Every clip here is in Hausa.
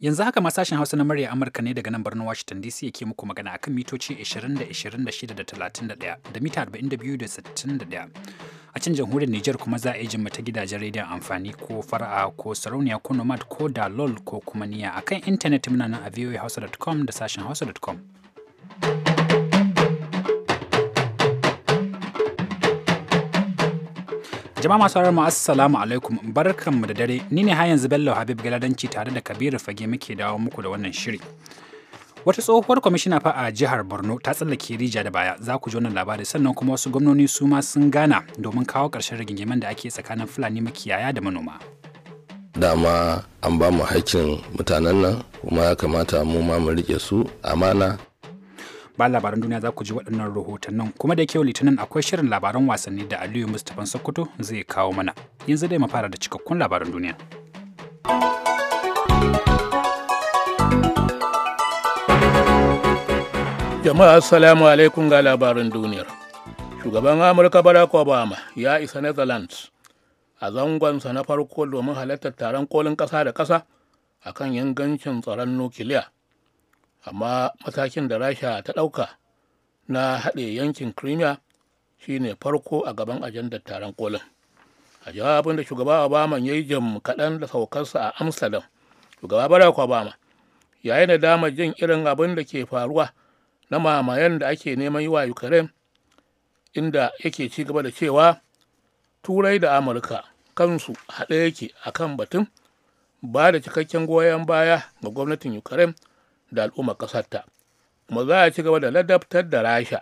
Yanzu haka ma Hausa na murya Amurka ne daga nan birnin Washington DC yake muku magana akan mitoci 20 da 26 da 31 da mita 42 da 61. A can jamhuriyar Nijar kuma za a yi jin ta gidajen rediyon amfani ko fara'a ko sarauniya ko nomad ko da lol ko kuma niya akan intanet muna nan a voahausa.com da sashen hausa.com. Jama'a masu sauraron mu assalamu alaikum barkanmu da dare ni ne har yanzu Bello Habib Galadanci tare da Kabiru Fage muke dawo muku da wannan shiri. Wata tsohuwar kwamishina fa a jihar Borno ta tsallake rija da baya za ku ji wannan labari sannan kuma wasu gwamnoni su ma sun gana domin kawo ƙarshen rigingimen da ake tsakanin Fulani makiyaya da manoma. Dama an ba mu haƙƙin mutanen nan kuma ya kamata mu ma mu riƙe su amana ba labaran duniya za ku ji waɗannan rahotannin kuma da kyau litinin akwai shirin labaran wasanni da aliyu mustapha sokoto zai kawo mana yanzu dai mu fara da cikakkun labaran duniya jama'a assalamu alaikum ga labarin duniyar shugaban amurka barack obama ya isa netherlands a zangonsa na farko domin halartar taron kolin ƙasa da ƙasa akan ingancin tsaron nukiliya amma matakin da rasha ta ɗauka na haɗe yankin crimea shine farko a gaban ajandar taron kolin a jawabin da shugaba obama ya yi jam kaɗan da saukarsa a amsterdam shugaba barack obama yayin da dama jin irin abin da ke faruwa na mamayen da ake neman yi wa ukraine inda yake ci gaba da cewa turai da amurka kansu haɗe yake akan batun ba da cikakken goyon baya ga gwamnatin ukraine da al'ummar ƙasarta kuma za a ci gaba da ladabtar da rasha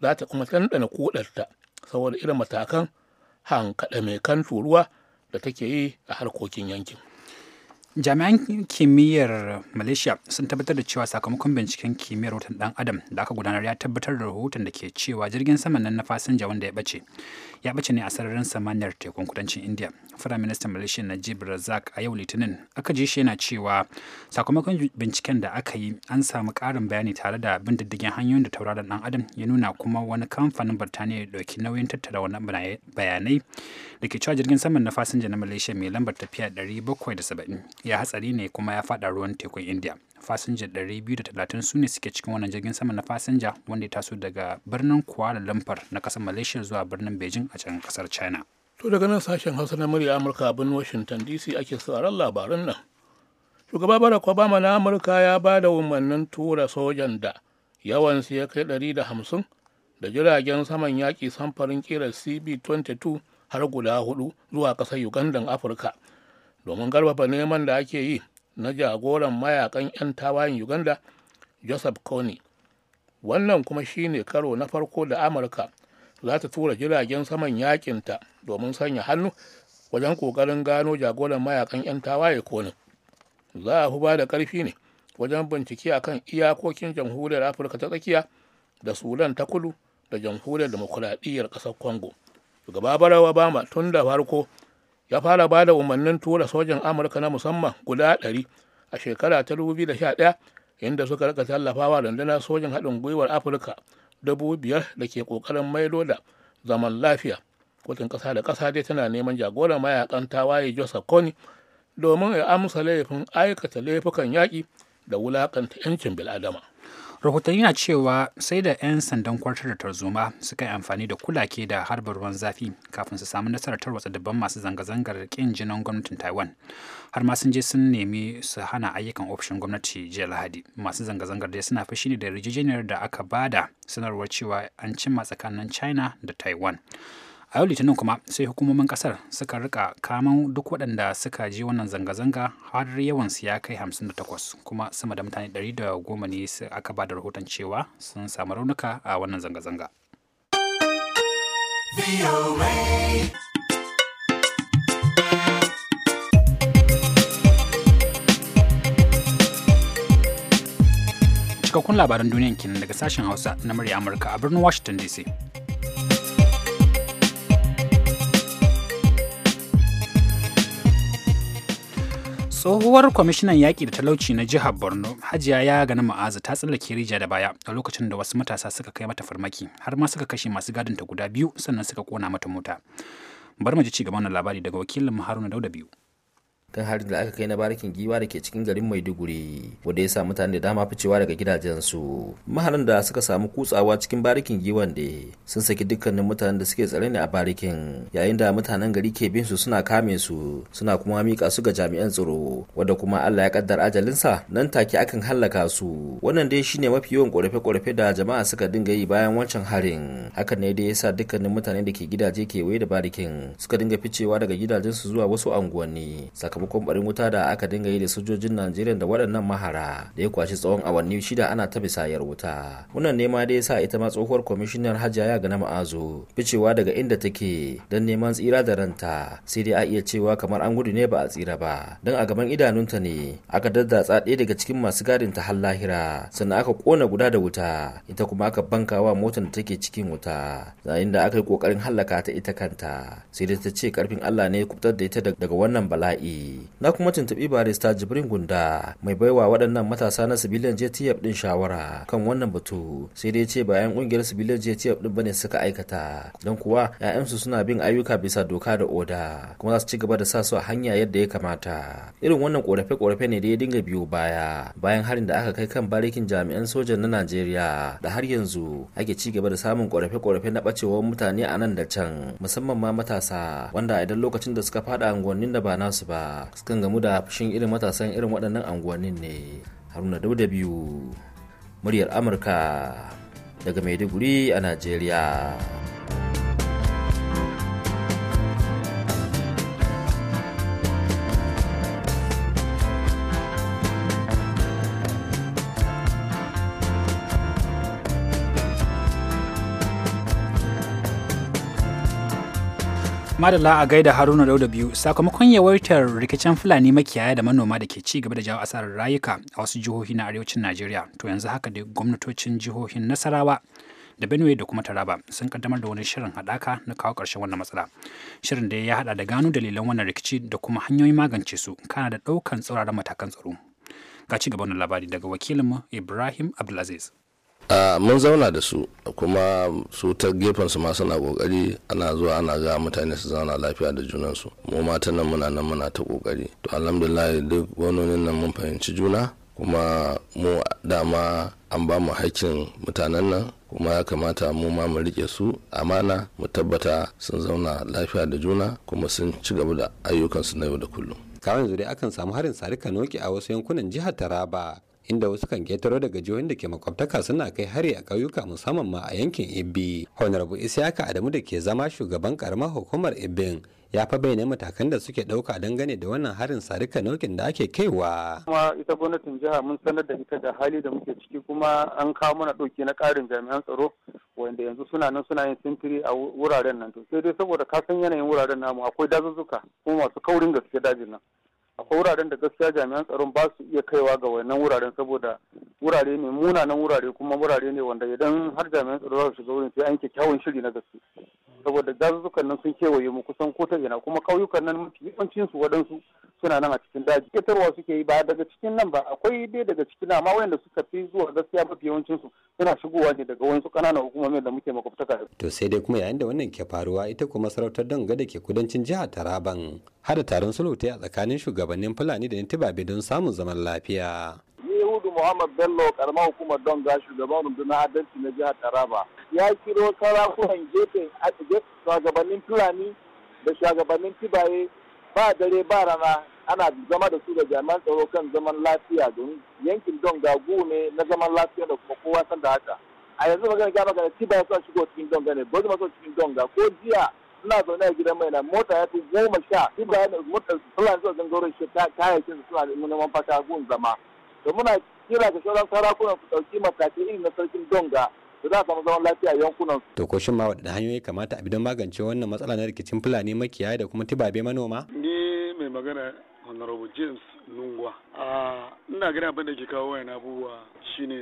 za ta kuma ɗanɗana kudarta saboda irin matakan hankaɗa mai kan turuwa da take yi a harkokin yankin Jami'an kimiyyar Malaysia sun tabbatar da cewa sakamakon binciken kimiyyar watan dan Adam da aka gudanar ya tabbatar da rahoton da ke cewa jirgin saman nan na fasinja wanda ya bace. Ya bace ne a sararin samaniyar tekun kudancin India. Firayim Ministan Malaysia Najib Razak a yau Litinin aka ji shi yana cewa sakamakon binciken da aka yi an samu karin bayani tare da bin diddigin hanyoyin da tauraron dan Adam ya nuna kuma wani kamfanin Birtaniya ya dauki nauyin tattara wannan bayanai da ke cewa jirgin saman na fasinja na Malaysia mai lambar tafiya 770 ya hatsari ne kuma ya fada ruwan tekun india fasinja 230 su ne suke cikin wannan jirgin sama na fasinja wanda ya taso daga birnin kuala lumpur na kasar malaysia zuwa birnin beijing a can kasar china to daga nan sashen hausa na murya amurka abin washington dc ake sauraron labarun nan shugaba barack obama na amurka ya ba da umarnin tura sojan da yawansu ya kai 150 da jiragen saman yaƙi samfarin ƙirar cb 22 har guda hudu zuwa ƙasar ugandan afirka domin karfafa neman da ake yi na jagoran mayakan 'yan tawayen uganda joseph kony wannan kuma shine karo na farko da amurka za ta tura jiragen saman yakinta domin sanya hannu wajen kokarin gano jagoran mayakan 'yan tawaye coney za a huba da karfi ne wajen bincike akan iyakokin jamhuriyar afirka ta tsakiya da sudan ta kudu da jamhuriyar demokuraɗiyyar ƙasar congo shugaba barawa bama tun da farko ya fara ba da umarnin tura sojan amurka na musamman guda ɗari a shekara ta 2011 inda suka rika tallafawa rundunar sojan haɗin gwiwar afirka dubu biyar da ke ƙoƙarin maido da zaman lafiya kotun ƙasa da ƙasa dai tana neman jagoran mayakan tawaye joseph kony domin ya amsa laifin aikata laifukan yaƙi da wulaƙanta 'yancin bil'adama rahotanni na cewa sai da 'yan sandan kwartar da tarzoma suka yi amfani da kulake da harba ruwan zafi kafin su samu nasarar tarwatsa dabban masu zanga-zangar kin jinan gwamnatin taiwan har ma sun je sun nemi su hana ayyukan ofishin gwamnati jiya lahadi masu zanga-zangar dai suna fashi ne da rijiyar da aka bada sanarwar cewa an cimma tsakanin china da taiwan a yau litinin kuma sai hukumomin kasar suka rika kaman duk waɗanda suka je wannan zanga-zanga har yawansu ya kai 58 kuma sama da mutane 110 ne aka ba da rahoton cewa sun samu raunuka a wannan zanga-zanga cikakkun labaran duniyan kenan daga sashen hausa na murya amurka a birnin washington dc tsohuwar kwamishinan yaƙi da talauci na jihar borno hajiya ya gani ma'aza ta tsallake rijiya da baya a lokacin da wasu matasa suka kai mata farmaki har ma suka kashe masu gadinta guda biyu sannan suka kona mata mota bari mu ji ci gaban labari daga wakilin haruna dauda biyu kan harin da aka kai na barikin giwa da ke cikin garin maiduguri wanda ya sa mutane da dama ficewa daga gidajensu maharan da suka samu kutsawa cikin barikin giwan da sun saki dukkanin mutanen da suke tsare ne a barikin yayin da mutanen gari ke bin su suna kame su suna kuma mika su ga jami'an tsaro wanda kuma Allah ya kaddar ajalinsa nan take akan hallaka su wannan dai shine mafi yawan korafe-korafe da jama'a suka dinga yi bayan wancan harin hakan ne dai yasa dukkanin mutanen da ke gidaje kewaye da barikin suka dinga ficewa daga gidajensu zuwa wasu anguwanni sakamakon sakamakon barin wuta da aka dinga yi da sojojin najeriya da waɗannan mahara da ya kwashi tsawon awanni shida ana ta bisayar wuta wannan nema ya sa ita ma tsohuwar kwamishinar hajiya ya gana ma'azu ficewa daga inda take don neman tsira da ranta sai dai a iya cewa kamar an gudu ne ba a tsira ba don a gaban idanunta ne aka daddatsa ɗaya daga cikin masu gadin ta har lahira sannan aka kona guda da wuta ita kuma aka banka wa motar da take cikin wuta yayin da aka yi kokarin hallaka ta ita kanta sai dai ta ce karfin Allah ne ya kubutar da ita daga wannan bala'i na kuma tuntuɓi barista jibrin gunda mai baiwa waɗannan matasa na civilian jtf ɗin shawara kan wannan batu sai dai ce bayan ƙungiyar civilian jtf din bane suka aikata don kuwa 'ya'yansu suna bin ayyuka bisa doka da oda kuma za su ci gaba da sa su a hanya yadda ya kamata irin wannan korafe-korafe ne da ya dinga biyo baya bayan harin da aka kai kan barikin jami'an sojan na najeriya da har yanzu ake ci gaba da samun korafe-korafe na bacewar mutane a nan da can musamman ma matasa wanda a idan lokacin da suka faɗa unguwannin da ba nasu ba sukan gamu da fushin irin matasan irin waɗannan anguwannin ne haruna dau da biyu muryar amurka daga maiduguri a najeriya Madalla a gaida Haruna Dauda biyu sakamakon yawaitar rikicin Fulani makiyaya da manoma da ke ci gaba da jawo asarar rayuka a wasu jihohi na arewacin Najeriya to yanzu haka da gwamnatocin jihohin Nasarawa da Benue da kuma Taraba sun kaddamar da wani shirin hadaka na kawo ƙarshen wannan matsala. Shirin da ya haɗa da gano dalilan wannan rikici da kuma hanyoyin magance su kana da ɗaukan tsauraran matakan tsaro. Ga ci gaban labari daga wakilinmu Ibrahim Abdulaziz. mun zauna da su kuma su ta gefen su ma suna kokari ana zuwa ana ga mutane su zauna lafiya da junansu mu mata nan muna nan muna ta kokari to alhamdulillah duk gwamnonin nan mun fahimci juna kuma mu dama an ba mu haƙƙin mutanen nan kuma ya kamata mu ma mu rike su amana mu tabbata sun zauna lafiya da juna kuma sun ci gaba da ayyukansu na yau da kullum kawai yanzu dai akan samu harin sarika noki a wasu yankunan jihar taraba inda wasu kan ketaro daga jihohin da ke makwabtaka suna kai hari a ƙauyuka musamman ma a yankin ibbi honorable isiyaka adamu da ke zama shugaban karamar hukumar ibbin ya fa bayyana matakan da suke ɗauka gane da wannan harin sarika nokin da ake kaiwa. kuma ita gwamnatin jiha mun sanar da ita da hali da muke ciki kuma an kawo mana ɗauki na ƙarin jami'an tsaro wanda yanzu suna nan suna yin sintiri a wuraren nan to sai dai saboda ka san yanayin wuraren namu akwai dazuzzuka kuma masu kaurin gaske dajin nan akwai wuraren da gaskiya jami'an tsaron ba su iya kaiwa ga wannan wuraren saboda wurare ne munanan wurare kuma wurare ne wanda idan har jami'an tsaro za su shiga wurin sai an kyakkyawan shiri na gaske saboda dazuzzukan nan sun kewaye mu kusan ko ta ina kuma kauyukan nan mafi yawancin su waɗansu suna nan a cikin daji ketarwa suke yi ba daga cikin nan ba akwai dai daga cikin amma wayanda suka fi zuwa gaskiya mafi yawancin su suna shigowa ne daga wasu ƙananan hukumomin da muke makwabtaka da to sai dai kuma yayin da wannan ke faruwa ita kuma sarautar danga da ke kudancin jihar Taraban hada taron sulhutai a tsakanin shugabannin Fulani da Intibabe don samun zaman lafiya Yahudu Muhammad Bello karamar hukumar Donga shugaban rundunar adalci na jihar Taraba ya kiro sarakunan gefen shugabannin fulani da shugabannin tibaye ba dare ba rana ana zama da su da jami'an tsaro kan zaman lafiya don yankin don gagu ne na zaman lafiya da kuma kowa san da haka a yanzu magana ga magana tibaye suna shigo cikin donga ne bari ma cikin donga ko jiya suna zaune a gidan mai na mota ya fi goma sha tibaye da motar fulani suna gangaro shi kayayyakin su suna neman fata gun zama to muna kira ga sauran sarakunan su ɗauki matakai irin na sarkin donga da za a samu zaman lafiya a yankunan su. To ko shin ma waɗanne hanyoyi kamata a bi don magance wannan matsala na rikicin Fulani makiyaya da kuma tibabe manoma? Ni mai magana Honorable James Nungwa. Ina gani abin da ke kawo wayan abubuwa shine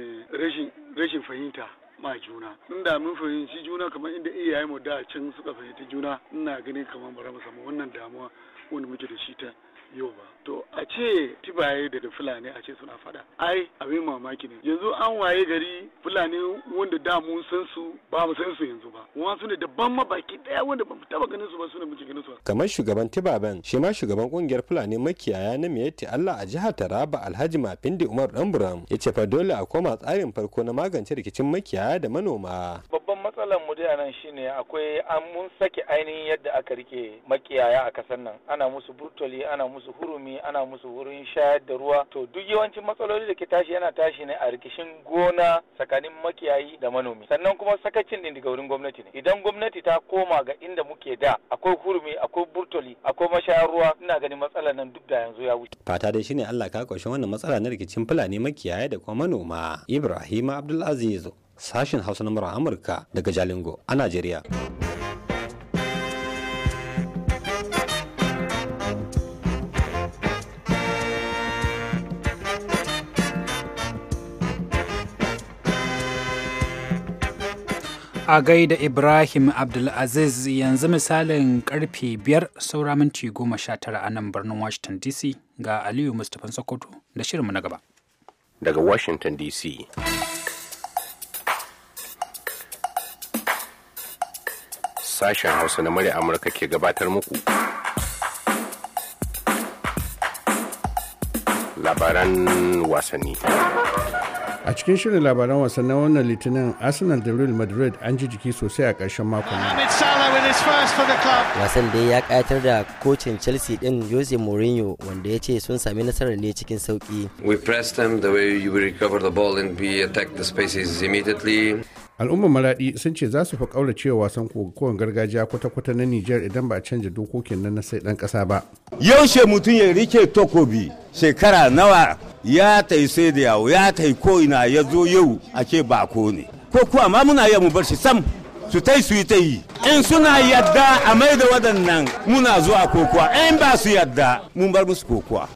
rashin fahimta ma juna inda mun fahimci juna kamar inda iyaye mu da can suka fahimci juna ina gani kamar bara mu samu wannan damuwa wanda muke da shi ta yoba to a ce tibaye da fulani a ce suna fada ai abin mamaki ne yanzu an waye gari fulani wanda da mun san su ba mu san su yanzu ba kuma su ne daban mabaki daya wanda ba mu taba ganin su ba su ne mu ganin su kamar shugaban tibaben shi ma shugaban kungiyar fulani makiyaya na miyati Allah a jihar Taraba Alhaji Mafindi Umar Ramburam ya ce fa dole a koma tsarin farko na magance rikicin makiyaya da manoma babban matsalar mu da nan shine akwai an mun sake ainihin yadda aka rike makiyaya a kasar nan ana musu brutally ana musu musu hurumi ana musu wurin shayar da ruwa to duk yawancin matsaloli da ke tashi yana tashi ne a rikishin gona tsakanin makiyayi da manomi sannan kuma sakacin din daga wurin gwamnati ne idan gwamnati ta koma ga inda muke da akwai hurumi akwai burtoli akwai mashayar ruwa ina ganin matsalar nan duk da yanzu ya wuce fata dai shine Allah ka kaushe wannan matsala na rikicin fulani makiyaya da kuma manoma Ibrahim Abdulaziz sashin Hausa na Amurka daga Jalingo a Najeriya. a gaida ibrahim abdulaziz yanzu misalin karfe biyar saura minti goma sha tara a nan birnin washington dc ga aliyu mustapha sokoto da shirinmu na gaba daga washington dc sashen hausa na murya amurka ke gabatar muku labaran wasanni a cikin shirin labaran wasan na wannan litinin arsenal da real madrid an ji jiki sosai a ƙarshen makon wasan da ya ƙayatar da kocin chelsea din jose mourinho wanda ya ce sun sami nasarar ne cikin sauki we pressed them the recover the ball and we spaces immediately al'ummar maraɗi sun ce za su fi kaura cewa wasan kowane gargajiya kwata-kwata na nijar idan ba a canja dokokin nan na sai dan kasa ba yaushe mutum ya rike takobi shekara nawa ya yi sai da yawo ya tai ko'ina ya zo yau a ce bako ne ko kuwa ma muna yi mu bar shi sam su yi su yi ta yi in suna yadda a mai da waɗannan muna zuwa kokuwa in ba su yadda mun bar musu kokuwa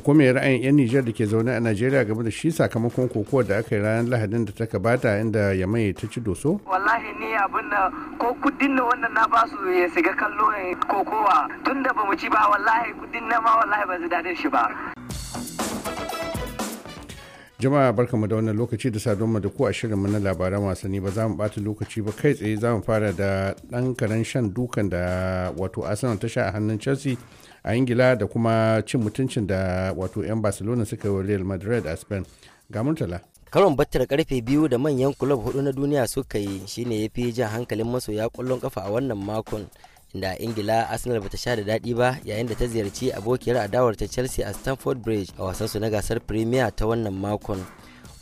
to ra'ayin 'yan nijar da ke zaune a najeriya game da shi sakamakon kokowa da aka yi ranar lahadin da ta gabata inda ya mai ta ci doso wallahi ni abin da ko kudin da wannan na ba su ya shiga kallo kokowa tun da ba mu ci ba wallahi kudin na ma wallahi ba su dadin shi ba jama'a barkamu da wannan lokaci da sadonmu da ku a shirinmu na labaran wasanni ba za mu bata lokaci ba kai tsaye za mu fara da ɗan karen shan dukan da wato arsenal ta sha a hannun chelsea a ingila da kuma cin mutuncin da wato 'yan barcelona suka yi wa real madrid a spain ga murtala karon battar karfe biyu da manyan kulob hudu na duniya suka yi shine ya fi jan hankalin masoya kwallon kafa a wannan makon da ingila arsenal bata sha da daɗi ba yayin da ta ziyarci abokiyar adawar ta chelsea a stamford bridge a wasansu na gasar premier ta wannan makon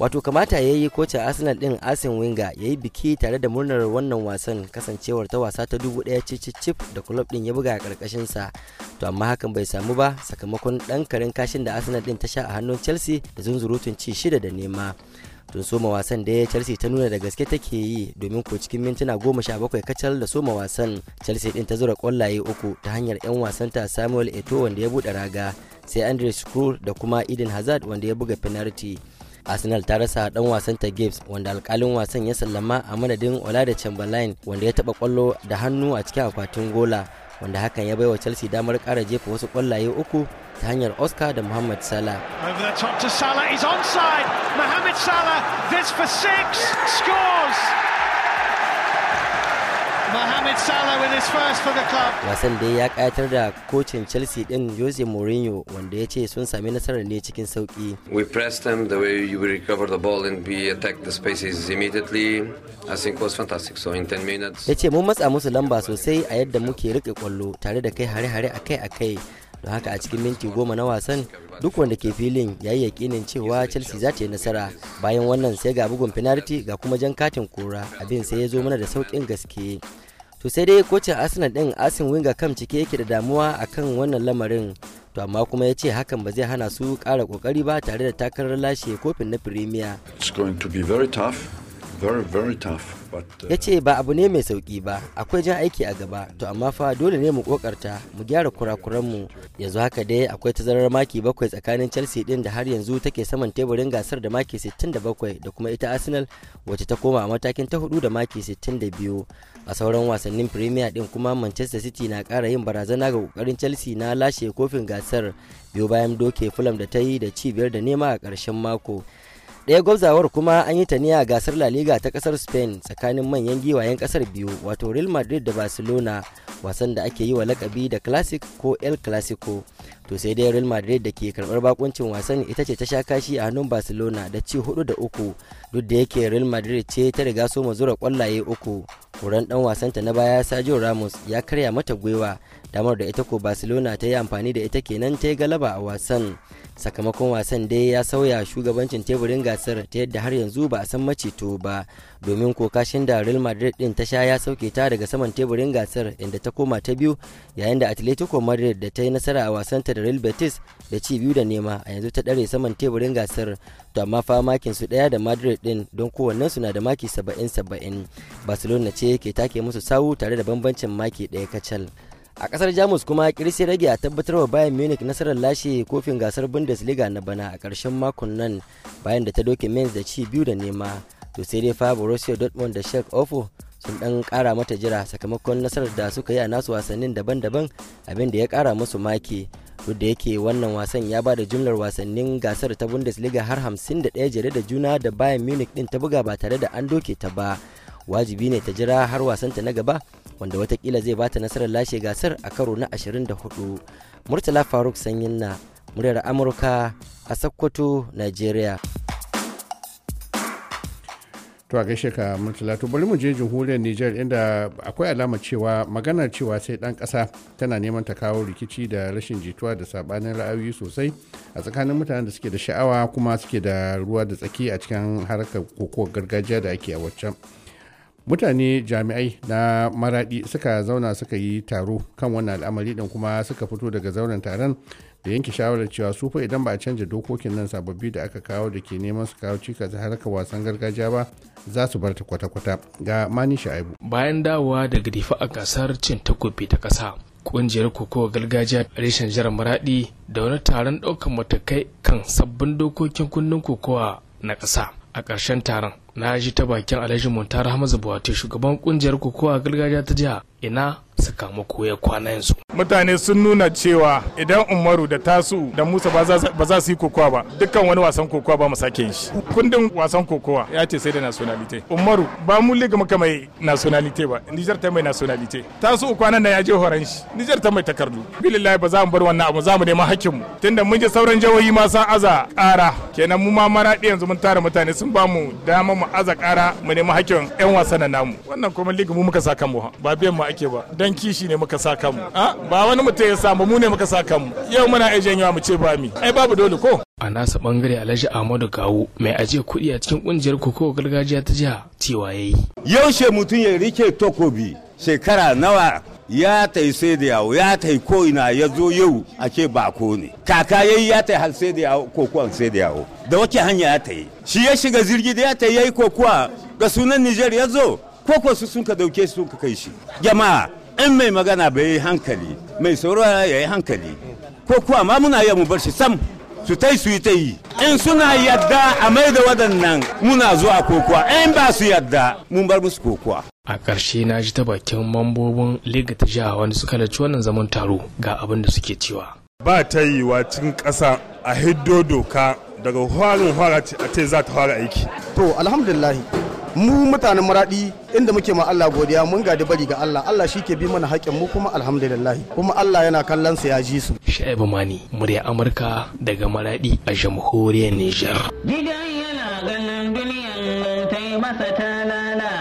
wato kamata ya yi kocin arsenal din arsene wenger ya yi biki tare da murnar wannan wasan kasancewar ta wasa ta dubu daya cicicif da kulob din ya buga a karkashin sa to amma hakan bai samu ba sakamakon dan karin kashin da arsenal din ta sha a hannun chelsea da zunzurutun ci shida da nema tun soma wasan da ya chelsea ta nuna da gaske take yi domin ko cikin mintuna goma sha bakwai kacal da soma wasan chelsea din ta zura kwallaye uku ta hanyar 'yan wasan ta samuel eto wanda ya buɗe raga sai andrew scrooge da kuma eden hazard wanda ya buga penalty arsenal ta rasa dan wasan ta gibbs wanda alkalin wasan ya sallama a madadin olade chamberlain wanda ya taba kwallo da hannu a cikin akwatin gola wanda hakan ya baiwa chelsea damar kara jefa wasu kwallaye uku ta hanyar oscar da muhammad salah over the top Mohamed Salah with his first for the club. Wasan da ya kayatar da kocin Chelsea din Jose Mourinho wanda ya ce sun sami nasarar ne cikin sauki. We pressed them the way you recover the ball and we attack the spaces immediately. I think was fantastic. So in 10 minutes. Ya ce mun matsa musu lamba sosai a yadda muke rike kwallo tare da kai hare-hare akai-akai. don haka a cikin minti goma na wasan duk wanda ke filin ya yi yakinin cewa chelsea za ta yi nasara bayan wannan sai ga bugun penalty ga kuma jan katin kura abin sai ya zo mana da saukin gaske to sai dai kocin arsenal din asin winga kam cike yake da damuwa akan wannan lamarin to amma kuma ya ce hakan ba zai hana su kara kokari ba tare da takarar lashe kofin na premier very uh, ya ce ba abu ne mai sauki ba akwai jan aiki a gaba to amma fa dole ne mu kokarta mu gyara kurakuranmu yanzu haka dai akwai tazarar maki bakwai tsakanin chelsea din da har yanzu take saman teburin gasar da maki 67 da kuma ita arsenal wacce ta koma a matakin ta hudu da maki 62 a sauran wasannin premier din kuma manchester city na kara yin barazana ga kokarin chelsea na lashe kofin gasar biyu bayan doke fulham da ta yi da cibiyar da nema a ƙarshen mako ɗaya gwabzawar kuma an yi ta ne a gasar la liga ta kasar spain tsakanin manyan giwayen kasar biyu wato real madrid da barcelona wasan da ake yi wa lakabi da classic ko el clasico to sai dai real madrid da ke karbar bakuncin wasan ita ce ta sha kashi a hannun barcelona da ci hudu da uku duk da yake real madrid ce ta riga so mu zura kwallaye uku kuran dan wasanta na baya Sergio Ramos ya karya mata gwiwa damar da ita ko Barcelona ta yi amfani da ita kenan ta yi galaba a wasan sakamakon wasan dai ya sauya shugabancin teburin gasar ta yadda har yanzu ba a san maceto ba domin kokashin da real madrid din ta sha ya sauke ta daga saman teburin gasar inda ta koma ta biyu yayin da atletico madrid da ta yi nasara a wasanta da real betis da ci biyu da nema a yanzu ta dare saman teburin gasar to amma fa makin su daya da madrid din don kowannen su na da maki saba'in saba'in barcelona ce ke take musu sawu tare da bambancin maki daya kacal a kasar jamus kuma kirsi rage a tabbatarwa bayan munich nasarar lashe kofin gasar bundesliga na bana a karshen makon nan bayan da ta doke mainz da ci biyu da nema to sai dai fa borussia dortmund da shek ofo sun dan kara mata jira sakamakon nasarar da suka yi a nasu wasannin daban-daban abin da ya kara musu maki duk da yake wannan wasan ya bada jumlar wasannin gasar ta bundesliga har 51 jere da juna da bayan munich din ta buga ba tare da an doke ta ba wajibi ne ta jira har wasanta na gaba wanda watakila zai bata nasarar lashe gasar a karo na 24 murtala faruk sanyin na muryar amurka a sokoto nigeria to a gaishe ka murtala to bari mu je jamhuriyar niger inda akwai alama cewa maganar cewa sai dan kasa tana neman ta kawo rikici da rashin jituwa da sabanin ra'ayoyi sosai a tsakanin mutanen da suke da sha'awa kuma suke da ruwa da tsaki a cikin harkar kokowar gargajiya da ake a waccan mutane jami'ai na maradi suka zauna suka yi taro kan wannan al'amari din kuma suka fito daga zauren taron da yanke shawarar cewa su fa idan ba a canja dokokin nan sababbi da aka kawo da ke neman su kawo cikas harkar wasan gargajiya ba za su bar ta kwata-kwata ga mani sha'ibu bayan dawowa daga difa a gasar cin takobi ta kasa kungiyar koko gargajiya reshen jihar maradi da wani taron ɗaukan matakai kan sabbin dokokin kunnin kokowa na ƙasa a ƙarshen taron na ji ta bakin alhaji muntar hamza buwate shugaban kungiyar kokowa gargajiya ta jiha ina sakamako ya kwanan yanzu. Mutane sun nuna cewa idan Umaru da Tasu da Musa ba za su yi kokowa ba dukkan wani wasan kokowa ba mu sake shi. Kundin wasan kokowa ya ce sai da nationality. Umaru ba mu liga maka mai nationality ba Nijar ta mai nationality. Tasu kwanan da ya je horan shi Nijar ta mai takardu. Billahi ba za mu bar wannan abu za mu nemi hakkin mu. Tunda mun je sauran jawoyi ma sa aza ƙara kenan mu ma maraɗi yanzu mun tara mutane sun ba mu dama mu aza ƙara mu nemi hakkin 'yan wasan namu. Wannan kuma liga mu muka sa kanmu ba biyan mu ake ba dan kishi ne muka sa kanmu ah, ba wani mutum ya samu mu ne muka sa kanmu yau muna aijen yawa mu ce ba mi ai babu dole ko a nasa bangare alhaji ahmadu kawo mai ajiye kuɗi a cikin kungiyar koko gargajiya ta jiha cewa yayi yaushe mutum ya rike tokobi shekara nawa ya ta yi sai da yawo ya ta yi ina ya zo yau a ce bako ne kaka ya yi ya ta yi har sai da yawo an sai da yawo da wake hanya ya ta yi shi ya shiga jirgi da ya ta yi ya yi kokuwa ga sunan nijar ya zo ko ko su sun ka dauke su ka kai shi jama'a in mai magana bai yi hankali mai saurara ya yi hankali ko kuwa ma muna iya mu bar shi sam su tai su yi ta yi in suna yadda a mai da waɗannan muna zuwa kokuwa in ba su yadda mun bar musu kokuwa a ƙarshe na ji ta bakin mambobin liga ta jiha wanda suka halarci wannan zaman taro ga abin da suke cewa ba ta wa cikin ƙasa a hiddo doka daga farin ce a ce za ta fara aiki to alhamdulillah mu mutanen maradi inda muke ma Allah godiya mun gadi bari ga Allah Allah shi ke bi mana haƙƙin mu kuma alhamdulillah kuma Allah yana kallon sa ya ji su Shaibu Mani murya Amurka daga maradi a jamhuriyar Niger Gidan yana ganin duniyan ta masa talala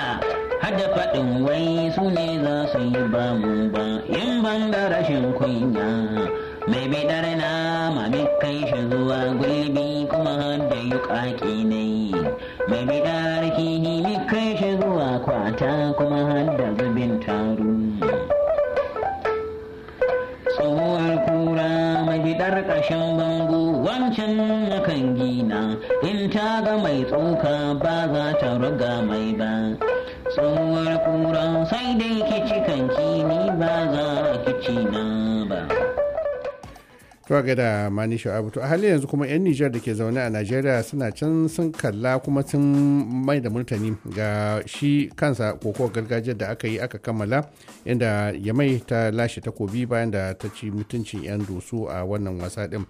hada faɗin wai su ne za su yi ba mu ba in ban kunya mai bidar na ma kai shi zuwa guri ƙarƙashin bango wancan na kan gina in ta ga mai tsoka ba za ta ruga mai ba tsohuwar kura sai dai kici kan kini ba za kici na ba to ga da mani sha'abu to a halin yanzu kuma yan nijar da ke zaune a najeriya suna can sun kalla kuma sun mai da murtani ga shi kansa koko gargajiyar da aka yi aka kammala inda ya mai ta lashe takobi bayan da ta ci mutuncin yan dosu a wannan wasa din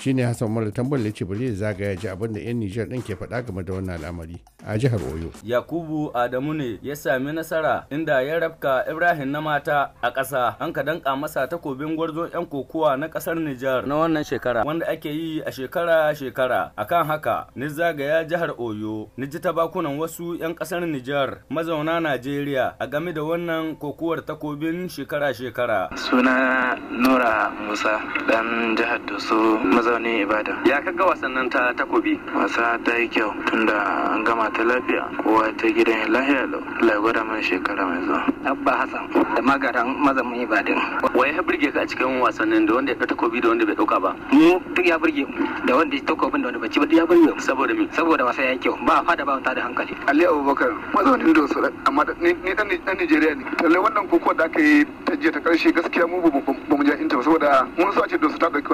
shine hassan mara tambar ya ce ba zai zagaya ji abin da 'yan nijar ɗin ke faɗa game da wannan al'amari a jihar oyo yakubu adamu ne ya sami nasara inda ya rabka ibrahim na mata a ƙasa an ka danka masa takobin gwarzo 'yan kokowa na ƙasar nijar na wannan shekara wanda ake yi a shekara shekara akan haka ni zagaya jihar oyo ni ji tabakunan wasu 'yan ƙasar nijar mazauna najeriya a game da wannan kokowar takobin shekara shekara suna nura musa dan jihar doso mazaunin ibada ya kaga wasannin ta takobi wasa ta yi kyau tunda an gama ta lafiya kowa ta gidan lahiya lau lagwada mai shekara mai zuwa abba hassan da magaran mazamin ibadin wai ya burge ka a cikin wasannin da wanda ya takobi da wanda bai dauka ba mu duk ya burge da wanda ya takobin da wanda bai ci ba duk ya burge saboda me saboda wasa ya yi kyau ba fada ba ta da hankali ali abubakar mazaunin dosu amma ni dan Nigeria ne Talle wannan kokon da aka yi ta jiya ta karshe gaskiya mu ba mu ja inta saboda mun so a ce dosu ta dauki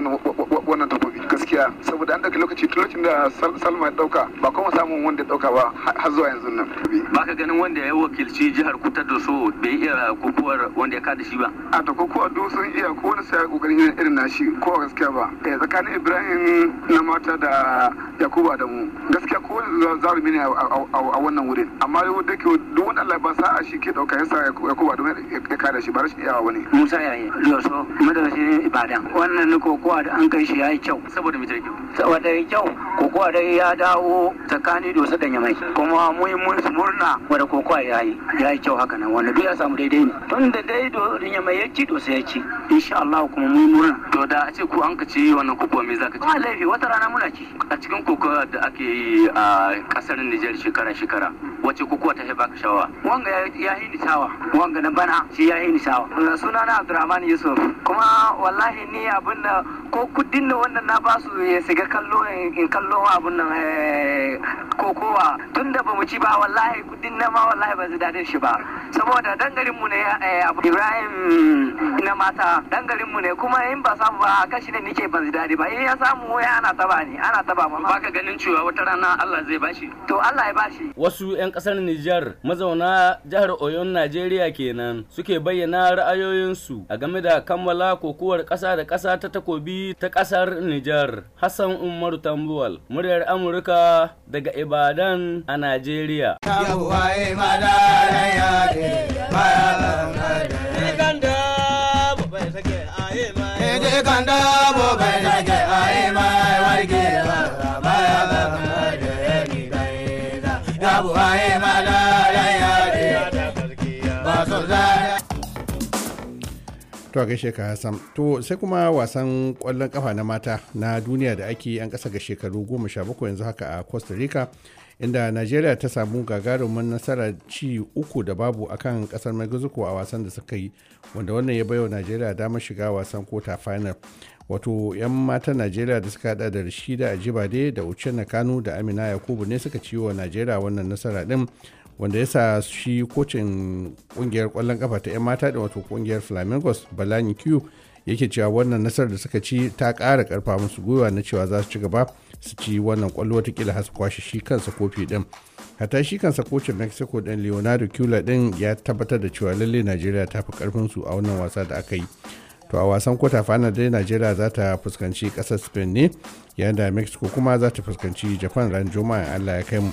wannan dabbobi gaskiya saboda an ɗauki lokaci tun lokacin da salma ya ɗauka ba kuma samun wanda ya ɗauka ba har zuwa yanzu nan ba ka ganin wanda ya wakilci jihar kuta da so bai iya kokowar wanda ya kada shi ba a ta kokowa duk sun iya ko wani sai kokarin yin irin nashi ko gaskiya ba eh tsakanin ibrahim na mata da yakuba da mu gaskiya ko wani zarumi ne a wannan wurin amma yau da ke duk wani allah ba a shi ke dauka yasa yakuba da ya kada shi ba rashin iyawa wani musa yayi loso madarashin ibadan wannan kokowa da an kai shi ya kyau saboda mai kyau saboda ya kyau kokowa dai ya dawo tsakani da wasu danya mai kuma muhimmin murna wadda kokowa ya yi ya yi kyau haka nan wanda duk ya samu daidai ne tun da dai danya mai ya ci to sai ya ci insha Allah kuma mun murna to da a ce ku an ka ci wannan kokowa me zaka ci ba laifi wata rana muna ci a cikin kokowa da ake yi a kasar Nijar shekara shekara wace kukuwa ta baka shawa wanga ya yi ni shawa wanga na bana shi ya yi ni shawa suna na abdurrahman yusuf kuma wallahi ni abin da ko kudin da wannan na basu ya shiga kallo in kallo abin nan eh, kokowa tunda ba mu ci ba wallahi kudin na ma wallahi ba zai dadin shi ba saboda dangarin mu ne eh, abu ibrahim na mata dangarin mu ne kuma in ba samu ba kan shi ne nike ban daɗi ba in ya samu ya ana taba ni ana taba ba baka ganin cewa wata rana Allah zai bashi to Allah ya bashi wasu yan kasar Nijar mazauna jihar Oyon Najeriya kenan suke bayyana ra'ayoyinsu a game da kammala kokowar kasa da kasa ta takobi ta kasar Nijar Hassan umar Tambuwal muryar Amurka daga Ibadan a Najeriya. Yawwa madara Kanda bo to a gaishe ka to sai kuma wasan kwallon kafa na mata na duniya da ake yan kasa ga shekaru goma sha bakwai yanzu haka a costa rica inda nigeria ta samu gagarumin nasara ci uku da babu akan kasar mexico a wasan da suka yi wanda wannan ya baiwa nigeria damar shiga wasan kota final wato 'yan matan najeriya da suka hada da rashida ajibade da uchenna kano da amina yakubu ne suka ciwo najeriya wannan nasara din wanda ya sa shi kocin kungiyar kwallon kafa ta 'yan mata da wato kungiyar flamingos balani q yake cewa wannan nasarar da suka ci ta kara karfa musu gwiwa na cewa za su ci gaba su ci wannan kwallo watakila har su kwashe shi kansa kofi din hata shi kansa kocin mexico din leonardo cula din ya tabbatar da cewa lalle najeriya ta fi karfin su a wannan wasa da aka yi to a wasan kota fana dai najeriya za ta fuskanci kasar spain ne yayin da mexico kuma za ta fuskanci japan ran juma'a allah ya kai mu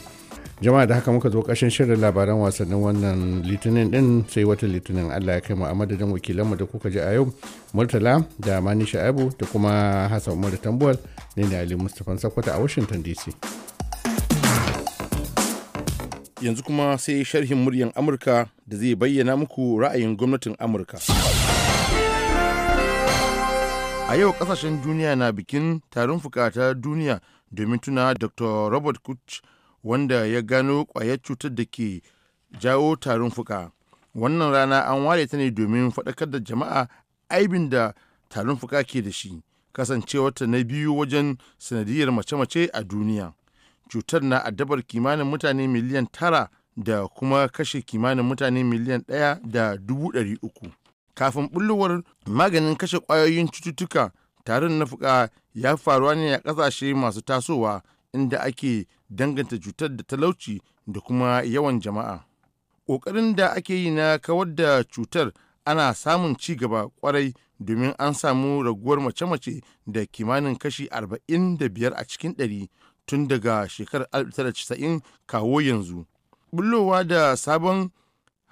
jama'a da haka muka zo kashin shirin labaran wasannin wannan litinin din sai wata litinin allah ya kai mu a madadin wakilanmu da kuka ji a yau murtala da mani sha'abu da kuma hassan umar tambuwal ne na ali mustapha sakwata a washington dc yanzu kuma sai sharhin muryan amurka da zai bayyana muku ra'ayin gwamnatin amurka a yau kasashen duniya na bikin tarin fuka ta duniya domin tuna dr robert kuch wanda ya gano kwayar cutar da ke jawo tarin fuka wannan rana an ware ta ne domin faɗakar da jama'a aibin da tarin fuka ke da shi kasancewarta na biyu wajen sanadiyar mace-mace a duniya cutar na addabar kimanin mutane miliyan tara da kuma kashe kimanin mutane miliyan ɗaya da dubu ɗari uku kafin bullowar maganin kashe ƙwayoyin cututtuka tarin na fuka ya faruwa ne a ƙasashe masu tasowa inda ake danganta cutar da talauci da kuma yawan jama'a ƙoƙarin da ake yi na kawar da cutar ana samun ci gaba ƙwarai domin an samu raguwar mace-mace da kimanin kashi 45 a cikin ɗari tun daga shekarar 1990 kawo yanzu. Bullowa da sabon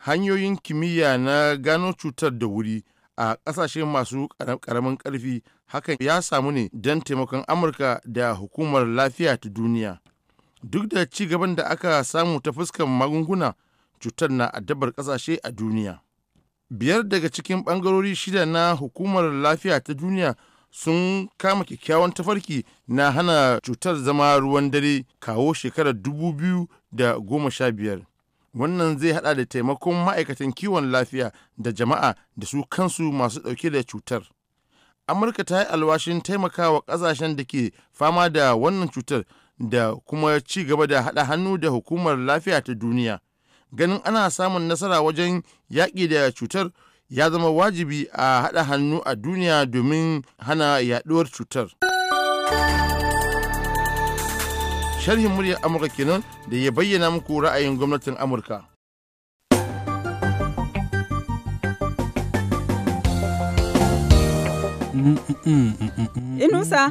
hanyoyin kimiyya na gano cutar da wuri a ƙasashe masu ƙaramin ƙarfi hakan ya samu ne don taimakon Amurka da Hukumar Lafiya ta Duniya. duk da ci gaban da aka samu ta fuskar magunguna cutar na addabar kasashe a duniya biyar daga cikin ɓangarori shida na hukumar lafiya ta duniya sun kama kyakkyawan tafarki na hana cutar zama ruwan dare kawo shekarar dubu biyu da goma sha biyar, wannan zai hada da taimakon ma'aikatan kiwon lafiya da jama'a da su kansu masu ɗauke da cutar amurka ta yi alwashin taimakawa kasashen da ke fama da wannan cutar da kuma ci gaba da haɗa hannu da hukumar lafiya ta duniya ganin ana samun nasara wajen yaƙi da cutar ya zama wajibi a haɗa hannu a duniya domin hana yaɗuwar cutar sharhin muryar amurka kenan da ya bayyana muku ra'ayin gwamnatin amurka mm, mm, mm, Inusa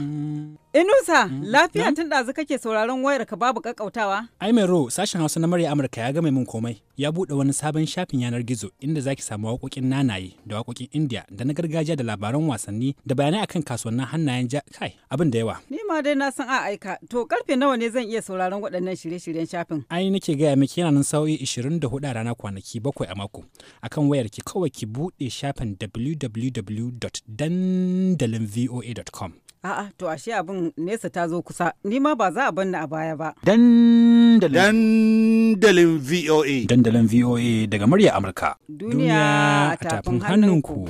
Inusa, mm. lafiya tun ɗazu kake sauraron wayar ka babu kakautawa. Ai mai ro, sashen Hausa na murya Amurka ya gama min komai. Ya buɗe wani sabon shafin yanar gizo inda zaki samu waƙoƙin nanaye da waƙoƙin India da na gargajiya da labaran wasanni da bayanai akan kasuwannin hannayen ja kai abin da yawa. Ni ma dai na san a aika. To karfe nawa ne zan iya sauraron waɗannan shirye-shiryen shafin? Ai nake gaya miki yana nan sa'o'i hudu a rana kwanaki bakwai a mako. Akan wayar ki kawai ki buɗe shafin www.dandalinvoa.com. A'a to ashe abin nesa ta zo kusa nima ba za a banna a baya ba. Dandalin Dandalin VOA Dandalin VOA daga murya Amurka. Duniya a tafin hannunku.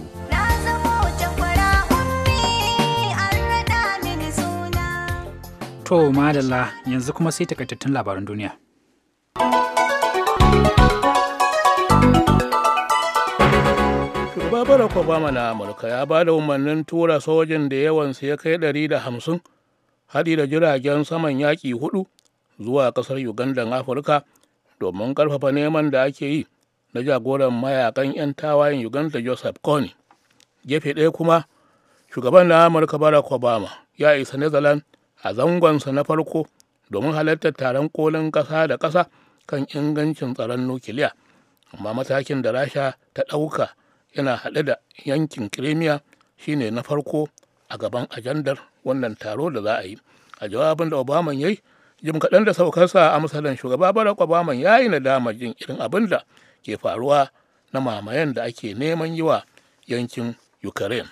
To madalla yanzu kuma sai takaitattun labaran duniya. shugaba barack obama na amurka ya ba da umarnin tura sojin da yawansu ya kai 150 haɗi da jiragen saman yaƙi hudu zuwa ƙasar ugandan afirka domin ƙarfafa neman da ake yi na jagoran mayakan 'yan tawayen uganda joseph kony gefe ɗaya kuma shugaban na amurka barack obama ya isa netherlands a zangonsa na farko domin halartar taron kolin ƙasa da ƙasa kan ingancin tsaron nukiliya amma matakin da rasha ta ɗauka yana haɗe da yankin crimea shine na farko a gaban ajandar wannan taro da za a yi a jawabin da obama ya yi jim kaɗan da saukarsa a misalin shugaba barack obama ya yi nadama jin irin abin da ke faruwa na mamayen da ake neman yi wa yankin ukraine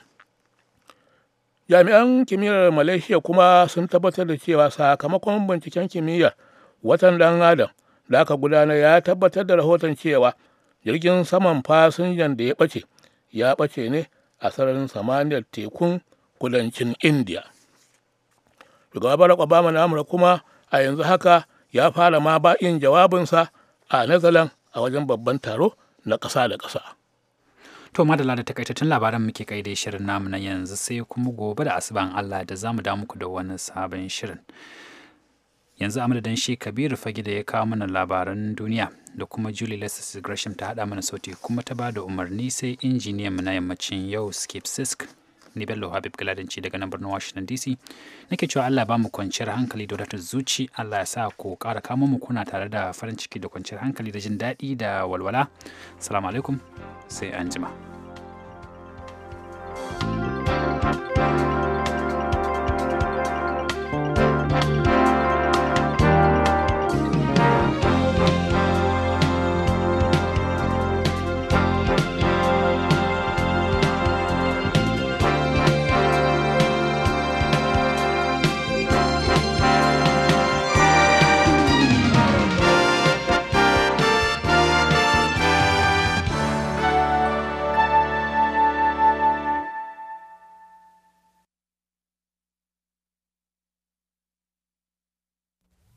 jami'an kimiyyar malaysia kuma sun tabbatar da cewa sakamakon binciken kimiyyar watan dan adam da aka gudanar ya tabbatar da rahoton cewa jirgin saman fasinjan da ya ɓace ya ɓace ne a sararin samaniyar tekun kudancin india shugaban barack obama na amurka kuma a yanzu haka ya fara ma ba'in jawabinsa a nazalan a wajen babban taro na ƙasa da ƙasa to madala da takaitattun labaran muke kai da shirin namu na yanzu sai kuma gobe da asuban allah da za mu da muku da wani sabon shirin yanzu amadadin madadin shi kabir fage da ya kawo mana labaran duniya da kuma julie lessis gresham ta hada mana sauti kuma ta ba da umarni sai injiniyan mu na yammacin yau skip sisk ni bello habib ci daga nan birnin washington dc nake cewa allah ba mu kwanciyar hankali da wadatar zuci allah ya sa ku kara kama mu kuna tare da farin ciki da kwanciyar hankali da jin daɗi da walwala salamu alaikum sai anjima. thank you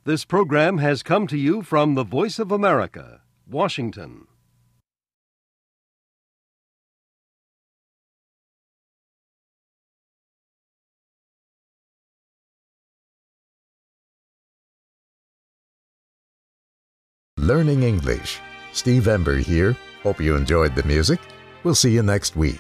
This program has come to you from the Voice of America, Washington. Learning English. Steve Ember here. Hope you enjoyed the music. We'll see you next week.